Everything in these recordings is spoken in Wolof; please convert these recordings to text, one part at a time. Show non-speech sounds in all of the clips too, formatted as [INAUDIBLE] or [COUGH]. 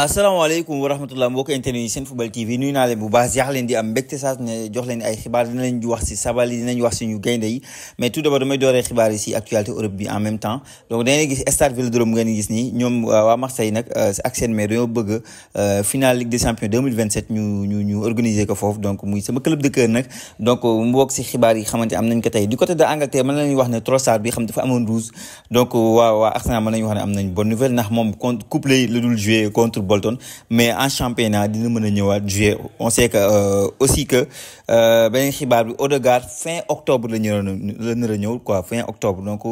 السلام عليكم ورحمة الله مبوك انتنوي سين فوبال تي في نوي نالي بو دي ام بكت ساس لين اي خبار دي نلين سي سابالي دي نجوخ سي نيو جين دي مي تو دابا دمي دوري خباري سي اكتوالتي اوروب بي ام ام تان دونك ديني جيس استار فيل دروم غاني جيس نيوم وا مارسي اكسين مي ريو بغ فينال ليغ دي شامبيون 2027 نيو نيو نيو اورغانيزي كو دونك موي سما كلوب دو دونك مبوك سي خبار يي خامتي ام نان كاتاي دا انغلتير مان لاني واخ تروسار بي خام دا روز دونك وا وا ارسنال مان لاني واخ بون نوفيل ناخ كوبلي لودول جوي كونتر Bolton mais en championnat dina mën a ñëwaat juillet on sait que euh, aussi que ben xibaar bi Odegaard fin octobre la ñu la nar ñëw quoi fin octobre donc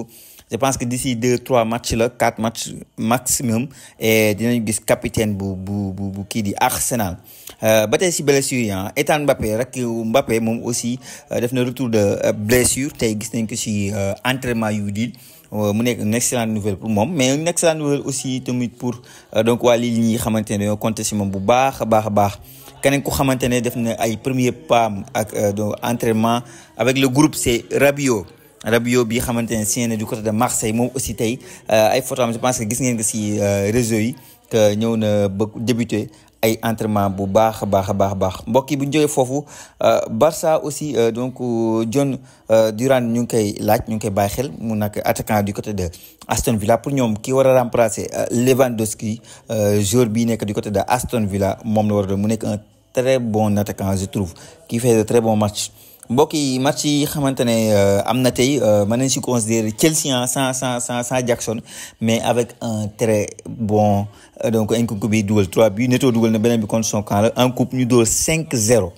je pense que d'ici deux trois matchs là quatre matchs maximum et dinañu gis capitaine bu bu bu bu kii di Arsenal euh, ba tey si blessure hein Ethan Mbappé rek Mbappé mom aussi def na retour de blessure tay gis nañ ko si entraînement yu diid euh, mu une excellente nouvelle pour moi, mais une excellente nouvelle aussi pour euh, donc wali Lille ñi xamantene ne dañoo compter si bu baax a baax baax def na ay premier pas ak euh, entraînement avec le groupe c'est Rabio. Rabio, bi xamantene signé du côté de Marseille mom aussi tay ay photos je pense que gis ngeen ko réseau yi que ñëw na débuter débuté ay entraînement bu baax a baax Bach, baax baax mbokk yi bu euh, Barça aussi euh, donc John euh, Duran ñu ngi koy laaj attaquant du côté de Aston Villa pour ñoom ki war a remplacer Lewandowski joueur du côté de Aston Villa moom la war a un très bon attaquant je trouve qui fait de très bons matchs mbokk match yi xamante euh, amna tay na euh, nañ si considérer Chelsea hein, sans sans sans sans Jackson mais avec un très bon euh, donc coup bi double 3 buts netto double na beneen bi contre son camp en coupe ñu do 5-0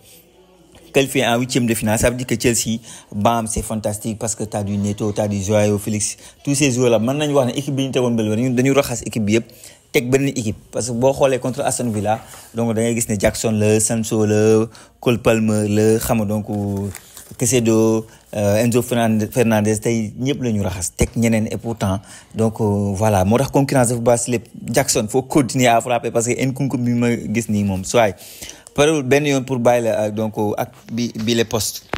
fait en huitième de finale, ça veut dire que Chelsea, bam, c'est fantastique parce que tu as du Neto, tu as du Joao Félix, tous ces joueurs-là. Maintenant, nous avons équipe qui nous a équipe teg benn équipe parce que on est contre Aston Villa donc da ngay Jackson le Sancho le Cole Palmer le xam donc euh, Enzo Fernandez c'est une équipe ñu raxas teg et pourtant donc euh, voilà Moi, la concurrence de base si Jackson faut continuer à frapper parce que Nkunku bi ma gis de moom Parole ben yon pour bàyyi la euh, donc euh, ak bi bi les postes.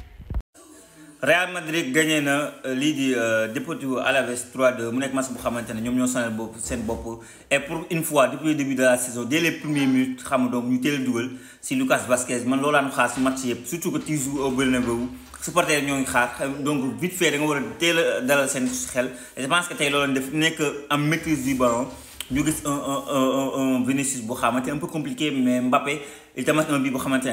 Real Madrid gagné na euh, lii di Deportivo Alaves 3-2 mu nekk match bu xamante ñom ñoo sonal bop sen bop et pour une fois depuis le début de la saison dès les premières minutes xam donc ñu teel duwel C'est si Lucas Vazquez, man loolan xass match yëpp surtout que toujours au Bernabéu supporter ñoo ngi xaar donc vite fait da nga wara a dalal sen xel et je pense que tay n'est def nek am maîtrise du ballon nous avons un un un un Vinicius bu un peu compliqué mais Mbappé il t'a un bi bu xamante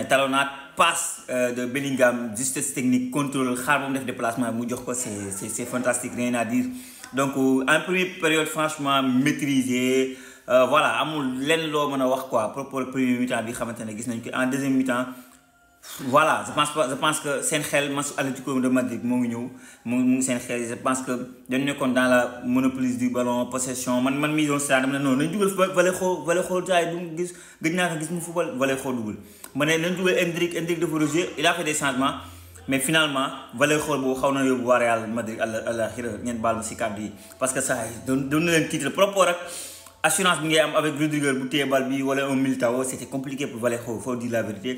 passe euh, de Bellingham justesse technique contrôle charbon déplacements, déplacement c'est c'est c'est fantastique rien à dire donc euh, en première période franchement maîtrisé euh, voilà amul y a mën a wax quoi à propos premier mi-temps bi xamante ne nañ ko en deuxième mi-temps voilà je pense je pense que seen xel match Atlético de Madrid moo ngi ñëw mu je pense que dañu nekkoon dans la monopolise du ballon possession man man mii doon seetaan non nañ dugal Vallejo Vallejo jaay du gis gëj naa ko gis mu football Vallejo dugal ma ne nañ dugal Endrick Endrick de rejet il a fait des changements mais finalement Vallejo boobu xaw na yóbbu waa Real Madrid àlaxira ngeen baal ma si kàddu yi parce que ça donne doon titre par assurance bi ngay am avec Rudiger bu téye bal bi wala un Militao c'était compliqué pour Vallejo faut dire la vérité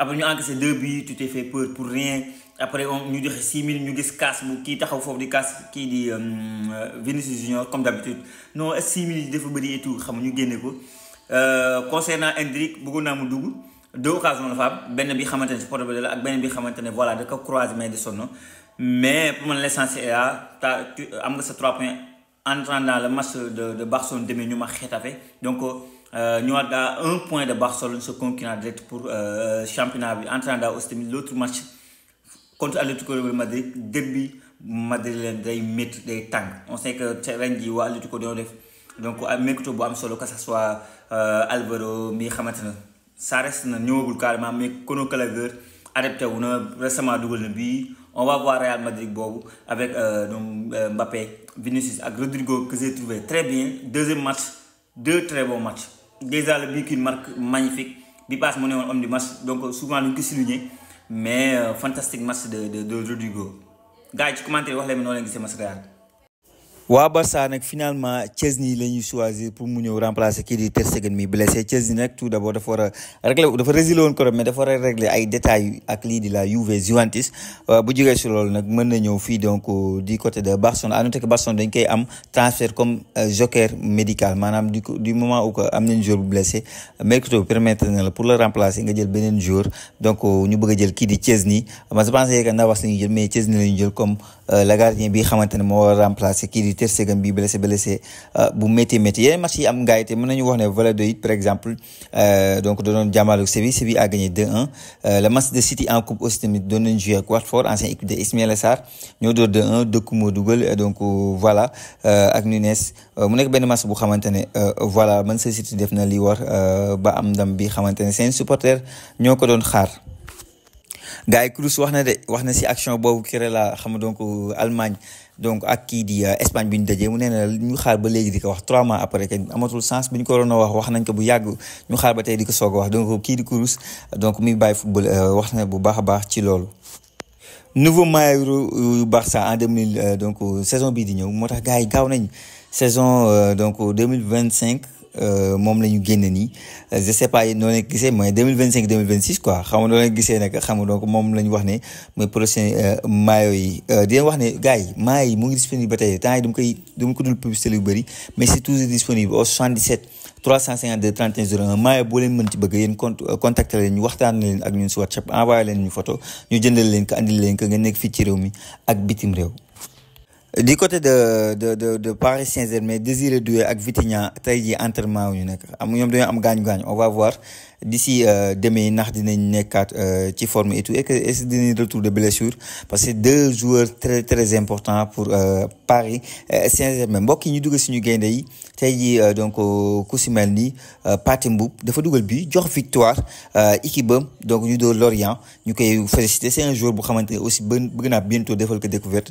après, nous encaissons deux buts, tu t'es fait peur pour rien. Après, on, a 6 000, nous avons vu qui est au fond qui sont euh, Vinicius Junior, comme d'habitude. Non, 6 000, il faut briller et tout, nous avons vu qu'il euh, Concernant Hendrik, beaucoup de gens ont deux occasions de faire. Il y a deux occasions de faire, il y a deux occasions de faire, il y a deux occasions de faire, il y a deux occasions de faire. Mais pour l'essentiel est là, tu, tu 3 points entrant dans le match de, Barcelone, demain, nous avons fait. Donc, euh, nous euh, avons un point de Barcelone ce concurrent direct pour euh, championnat pour train championnat l'autre train match contre Atletico de Madrid derby Madrid leen day des tanks. on sait que ren jii à Atlético de Madrid. donc am ah, mercato bu am solo que ça soit euh, Alvaro mi ça reste na nouveau carrément mais Kono Gallagher adapté ou non, récemment dugal na on va voir Real Madrid avec donc Mbappé Vinicius et Rodrigo que j'ai trouvé très bien deuxième match deux très bons matchs déjà le but marque magnifique bi passe homme du match donc souvent nous qui ko souligné mais euh, fantastique match de de de Rodrigo gars tu ci commentaire wax leen noo de gisee waa Barça nag finalement Chesney la choisir pour mu ñëw remplacer qui di Ter Stegen mi blessé Chesney nag tout d'abord dafa war a régler dafa résilier woon korom mais dafa war régler ay détails ak lii di la Juve Juventus bu vous si loolu nag mën na ñëw donc du côté de Barcelone à noter que Barcelone dañ koy am transfert comme euh, joker médical Madame du du moment où am nañ joueur blessé mercato que na la pour le remplacer nga jël un joueur donc euh, ñu bëgg a jël kii di Chesney je pense que Navas la ñuy jël mais Chesney la jël comme euh, le gardien bi xamante ne remplacer qui Ter Stegen bi blessé blessé euh, bu metti metti yeneen match yi am ngaay meun mën nañu wax ne Valladolid par exemple euh, donc da doon jàmmaarlu Séville Séville a gagné 2-1 euh, le match de City en coupe aussi tamit doon jouer joué ak Watford ancien équipe de Ismaïla Sarr ñoo door 2-1 dëkk moo dugal euh, donc euh, voilà euh, ak Nunes mu nekk benn match bu xamante ne voilà Manchester City def na li war ba am ndam bi xamante sen seen supporter ñoo ko doon xaar gars yi wax na de wax na si action bobu kéré la xam donc Allemagne donc ak kii di euh, Espagne bi ñu dajee mu nee na ñu xaar ba léegi di ko wax trois mois après que amatul sens bi ñu ko waroon a wax wax nañ ko bu yàgg ñu xaar ba tey di ko soog a wax donc kii di Kroos donc muy bàyyi football euh, wax na bu baax a baax ci loolu. nouveau maillot baax Barça en deux mille euh, donc saison bii di ñëw moo tax gars yi gaaw nañ saison donc deux mille vingt cinq Euh, moom la ñu nii euh, je sais pas noo leen gisee mooy deux mille vingt cinq deux mille vingt six quoi xam nga noo leen gisee nag xam nga donc moom la ñu wax ne mooy prochain euh, maillot yi di wax ne gars yi maillot yi mu ngi disponible ba tey temps yi dama koy dama ko dul publicité lu bëri mais c'est toujours disponible au 77 352 31 01 maillot boo leen mën ci bëgg yéen con contacter leen ñu waxtaan leen ak ñun si WhatsApp envoyé leen ñu photo ñu jëndal leen ko leen nga nekk fii ci réew mi ak bitim réew. du côté de de de de Paris Saint-Germain Désiré Doué ak Vitinha tey entraînement ñu nek am ñom dañu am gaañu-gaañu on va voir d'ici euh, demain ndax dinañ euh, ci forme et tout et que est-ce dinañ retour de blessure parce que deux joueurs très très importants pour euh, Paris euh, Saint-Germain mbokk ñu dugal suñu gaynde yi tey jii donc ku si mel ni Pathé Mboup dafa duggal bi jox victoire équipe donc ñu do Lorient ñu koy féliciter c'est un joueur bu xamante aussi bëgg naa bientôt défal ko découverte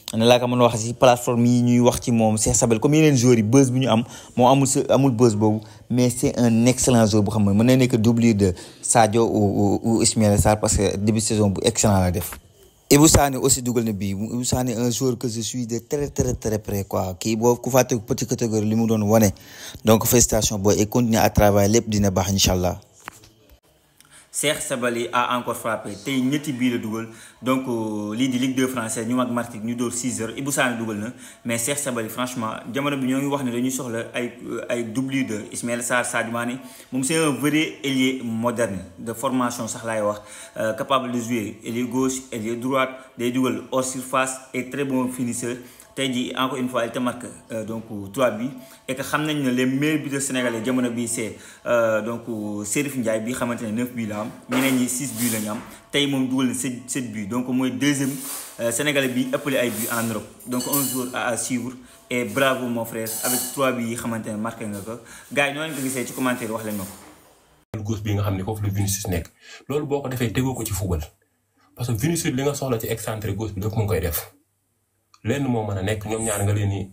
ne la ko mën wax ci plateforme yi ñuy wax ci moom Cheikh Sabel comme yeneen joueurs yi buzz bi ñu am moo amul amul buzz boobu mais c'est un excellent joueur bu xam ne mën na nekk doublure de Sadio ou ou Ismaël Sarr parce que début saison bu excellent la def. Ibou Sané aussi dugal na bii Ibou un joueur que je suis de très très très près quoi kii boo ku fàtte petit catégorie li mu doon wane donc félicitation boy et continuer à travailler lépp dina baax incha allah. Serge Sabaly a encore frappé Il ñetti bii la double, donc euh, lii di Ligue 2 française ñu mag Martigues ñu 6 heures Ibou Sané dugal double. mais Serge Sabaly franchement il bi ñoo ngi wax dañuy euh, de Ismaël Sarr Sadimani, c'est un vrai ailier moderne de formation sax est euh, capable de jouer ailier gauche ailier droite des doubles hors surface et très bon finisseur tey jii encore une fois elle te marque euh, donc trois bi et que xamnañ nañ ne les meilleurs buteurs sénégalais jamono bi c'est euh, donc Serif Ndiaye bi xamante 9 buts la am ñeneen ñi six buts la ñu am tey moom dugal na sept sept buts donc moy deuxième euh, sénégalais bi ëppale ay buts en Europe donc un jour à suivre et bravo mon frère avec trois buts yi xamante marqué nga ko gars yi noo ko gisee ci commentaire wax leen ma ko. gauche bi nga xamné ne foofu Vinicius nek lolu boko défé defee ko ci football parce que Vinicius li nga soxla ci excentré gauche bi lépp mu koy def lenn moo mën a nekk ñoom nga leen di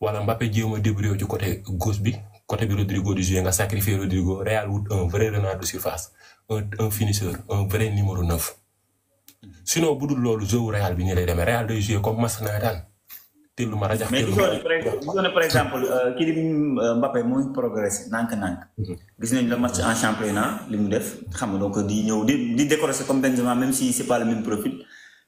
Mbappé a ci côté gauche bi côté bi Rodrigo di nga Rodrigo Real wut un vrai renard de surface un un finisseur un vrai numéro 9. sinon bu dul jeu Real bi ñu lay demee Real day jouer comme ma rajax mais par exemple euh, Mbappé mhm. gis nañ match en championnat li mu comme Benzema même si c'est pas le même profil.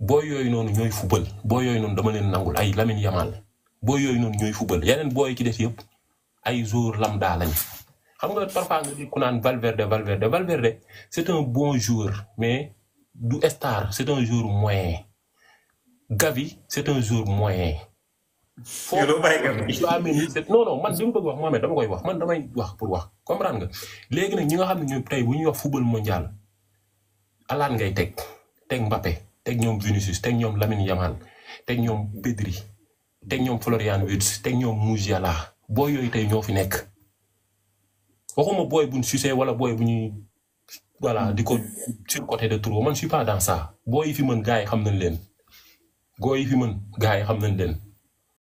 boo yooy noonu ñooy fubal boo yooyu noonu dama leen nangul ay Lamine Yamal boo yooyu noonu ñooy fubal yeneen booy ci def yëpp ay jour lam lañ xam nga parfois nga di ku naan Valverde Valverde Valverde c'est un bon joueur mais du star c'est un joueur moyen Gavi c'est un joueur moyen. foo [LAUGHS] non non man li mu bëgg wax moom dama koy wax man damay wax pour wax comprendre nga léegi nag ñi nga xam ne ñoom tey bu ñuy wax football mondial alaan ngay teg teg Mbappé. teg ñoom Vinicius teg ñoom Lamine Yamal teg ñoom Pedri teg ñoom Florian Wirtz teg ñoom Musiala booy yooyu tey ñoo fi nekk waxuma booy buñ sucé wala booy bu ñuy voilà di ko sur côté de trop man je suis pas dans ça booy yi fi mën gars yi xam nañ leen booy yi fi mën gars yi xam nañ leen.